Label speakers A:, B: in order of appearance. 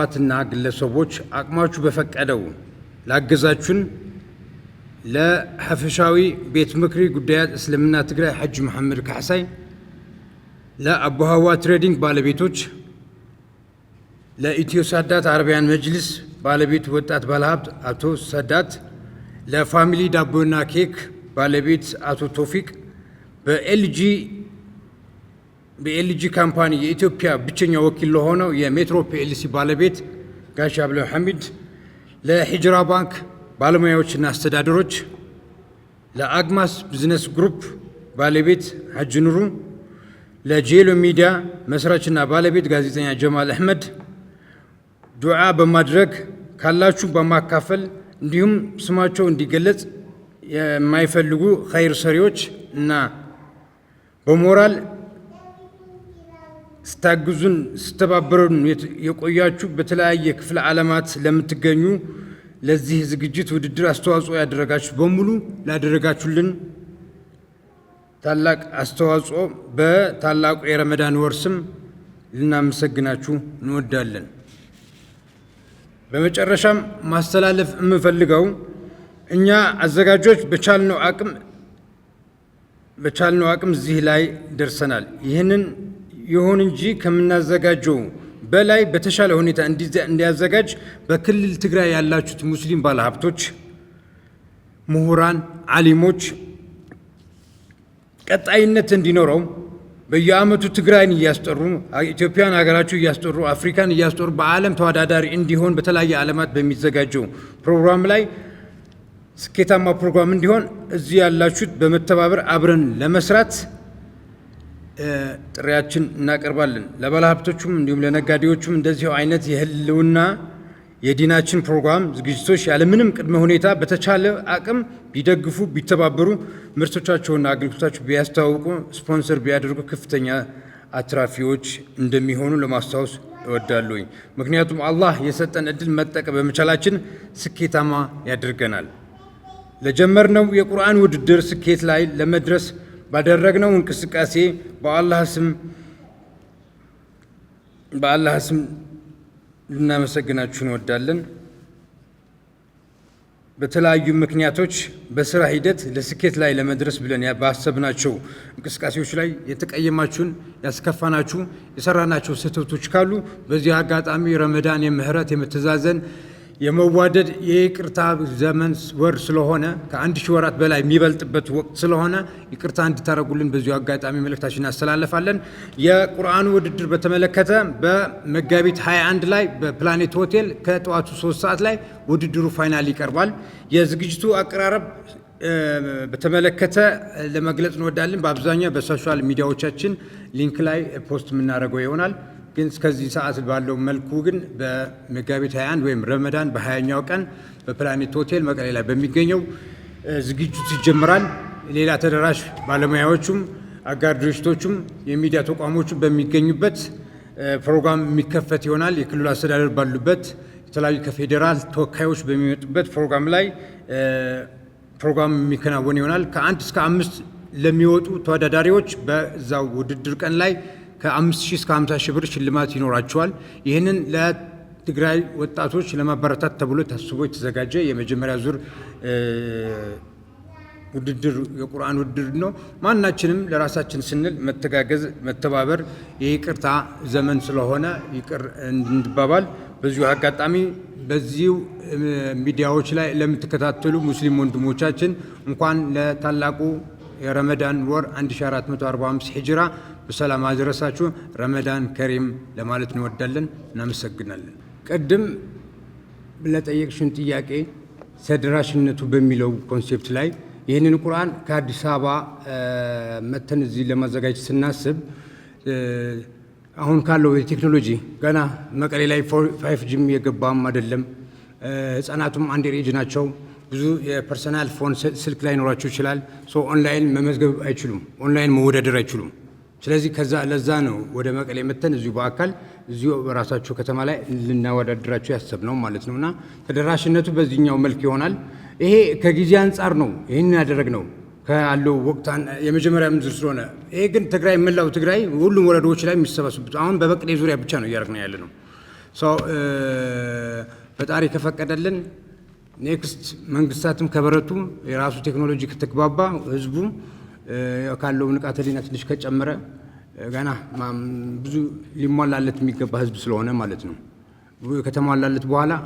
A: ማትና ግለሰቦች አቅማችሁ በፈቀደው ላገዛችሁን ለሐፈሻዊ ቤት ምክሪ ጉዳያት እስልምና ትግራይ ሐጅ መሐመድ ካሕሳይ፣ ለአቡሃዋ ትሬዲንግ ባለቤቶች፣ ለኢትዮ ሳዳት አረቢያን መጅሊስ ባለቤት ወጣት ባለሀብት አቶ ሰዳት ለፋሚሊ ዳቦና ኬክ ባለቤት አቶ ቶፊቅ በኤልጂ በኤልጂ ካምፓኒ የኢትዮጵያ ብቸኛ ወኪል ለሆነው የሜትሮ ፒኤልሲ ባለቤት ጋሻ አብለ ሐሚድ፣ ለሂጅራ ባንክ ባለሙያዎችና አስተዳደሮች፣ ለአግማስ ቢዝነስ ግሩፕ ባለቤት ሐጅ ኑሩ፣ ለጄሎ ሚዲያ መስራችና ባለቤት ጋዜጠኛ ጀማል አሕመድ ዱዓ በማድረግ ካላችሁ በማካፈል እንዲሁም ስማቸው እንዲገለጽ የማይፈልጉ ኸይር ሰሪዎች እና በሞራል ስታግዙን ስተባበሩን የቆያችሁ በተለያየ ክፍለ ዓለማት ለምትገኙ ለዚህ ዝግጅት ውድድር አስተዋጽኦ ያደረጋችሁ በሙሉ ላደረጋችሁልን ታላቅ አስተዋጽኦ በታላቁ የረመዳን ወር ስም ልናመሰግናችሁ እንወዳለን። በመጨረሻም ማስተላለፍ የምፈልገው እኛ አዘጋጆች በቻልነው አቅም በቻልነው አቅም እዚህ ላይ ደርሰናል። ይህንን ይሁን እንጂ ከምናዘጋጀው በላይ በተሻለ ሁኔታ እንዲያዘጋጅ በክልል ትግራይ ያላችሁት ሙስሊም ባለሀብቶች፣ ምሁራን፣ አሊሞች ቀጣይነት እንዲኖረው በየአመቱ ትግራይን እያስጠሩ ኢትዮጵያን ሀገራችሁ እያስጠሩ አፍሪካን እያስጠሩ በዓለም ተወዳዳሪ እንዲሆን በተለያየ ዓለማት በሚዘጋጀው ፕሮግራም ላይ ስኬታማ ፕሮግራም እንዲሆን እዚህ ያላችሁት በመተባበር አብረን ለመስራት ጥሪያችን እናቀርባለን። ለባለሀብቶቹም እንዲሁም ለነጋዴዎቹም እንደዚሁ አይነት የህልውና የዲናችን ፕሮግራም ዝግጅቶች ያለምንም ቅድመ ሁኔታ በተቻለ አቅም ቢደግፉ፣ ቢተባበሩ፣ ምርቶቻቸውና አገልግሎቶቻቸው ቢያስተዋውቁ፣ ስፖንሰር ቢያደርጉ ከፍተኛ አትራፊዎች እንደሚሆኑ ለማስታወስ እወዳለሁኝ። ምክንያቱም አላህ የሰጠን እድል መጠቀም በመቻላችን ስኬታማ ያደርገናል። ለጀመርነው የቁርአን ውድድር ስኬት ላይ ለመድረስ ባደረግነው እንቅስቃሴ በአላህ ስም በአላህ ስም ልናመሰግናችሁ እንወዳለን። በተለያዩ ምክንያቶች በስራ ሂደት ለስኬት ላይ ለመድረስ ብለን ባሰብናቸው እንቅስቃሴዎች ላይ የተቀየማችሁን፣ ያስከፋናችሁ፣ የሰራናቸው ስህተቶች ካሉ በዚህ አጋጣሚ ረመዳን የምህረት የመተዛዘን የመዋደድ የይቅርታ ዘመን ወር ስለሆነ ከአንድ ሺህ ወራት በላይ የሚበልጥበት ወቅት ስለሆነ ይቅርታ እንድታደረጉልን በዚሁ አጋጣሚ መልእክታችን እናስተላለፋለን። የቁርአኑ ውድድር በተመለከተ በመጋቢት 21 ላይ በፕላኔት ሆቴል ከጠዋቱ ሶስት ሰዓት ላይ ውድድሩ ፋይናል ይቀርባል። የዝግጅቱ አቀራረብ በተመለከተ ለመግለጽ እንወዳለን። በአብዛኛው በሶሻል ሚዲያዎቻችን ሊንክ ላይ ፖስት የምናደርገው ይሆናል። ግን እስከዚህ ሰዓት ባለው መልኩ ግን በመጋቢት 21 ወይም ረመዳን በ20ኛው ቀን በፕላኔት ሆቴል መቀሌ ላይ በሚገኘው ዝግጅት ይጀምራል። ሌላ ተደራሽ ባለሙያዎቹም አጋር ድርጅቶቹም የሚዲያ ተቋሞቹ በሚገኙበት ፕሮግራም የሚከፈት ይሆናል። የክልሉ አስተዳደር ባሉበት የተለያዩ ከፌዴራል ተወካዮች በሚመጡበት ፕሮግራም ላይ ፕሮግራም የሚከናወን ይሆናል። ከአንድ እስከ አምስት ለሚወጡ ተወዳዳሪዎች በዛው ውድድር ቀን ላይ ከ5 ሺህ እስከ 50 ሺህ ብር ሽልማት ይኖራቸዋል። ይህንን ለትግራይ ወጣቶች ለማበረታት ተብሎ ታስቦ የተዘጋጀ የመጀመሪያ ዙር ውድድር የቁርአን ውድድር ነው። ማናችንም ለራሳችን ስንል መተጋገዝ፣ መተባበር የይቅርታ ዘመን ስለሆነ ይቅር እንድንባባል በዚሁ አጋጣሚ በዚሁ ሚዲያዎች ላይ ለምትከታተሉ ሙስሊም ወንድሞቻችን እንኳን ለታላቁ የረመዳን ወር 1445 ሂጅራ በሰላም አድረሳችሁ ረመዳን ከሪም ለማለት እንወዳለን። እናመሰግናለን። ቅድም ለጠየቅሽን ጥያቄ ተደራሽነቱ በሚለው ኮንሴፕት ላይ ይህንን ቁርአን ከአዲስ አበባ መተን እዚህ ለማዘጋጀት ስናስብ አሁን ካለው የቴክኖሎጂ ገና መቀሌ ላይ ፋይፍ ጂም የገባም አይደለም። ህጻናቱም አንድ ሬጅ ናቸው። ብዙ የፐርሰናል ፎን ስልክ ላይ ኖራቸው ይችላል። ኦንላይን መመዝገብ አይችሉም። ኦንላይን መወዳደር አይችሉም። ስለዚህ ከዛ ለዛ ነው ወደ መቀሌ መተን እዚሁ በአካል እዚሁ በራሳቸው ከተማ ላይ ልናወዳድራቸው ያሰብነው ማለት ነው። እና ተደራሽነቱ በዚህኛው መልክ ይሆናል። ይሄ ከጊዜ አንጻር ነው ይህንን ያደረግነው ካለው ወቅት የመጀመሪያ ምንዝር ስለሆነ፣ ይሄ ግን ትግራይ መላው ትግራይ ሁሉም ወረዳዎች ላይ የሚሰበስቡት አሁን በመቀሌ ዙሪያ ብቻ ነው እያደረግነው ያለ ነው። በጣሪ ከፈቀደልን ኔክስት መንግስታትም ከበረቱ የራሱ ቴክኖሎጂ ከተግባባ ህዝቡ ካለው ንቃተ ህሊና ትንሽ ከጨመረ ገና ብዙ ሊሟላለት የሚገባ ህዝብ ስለሆነ ማለት ነው ከተሟላለት በኋላ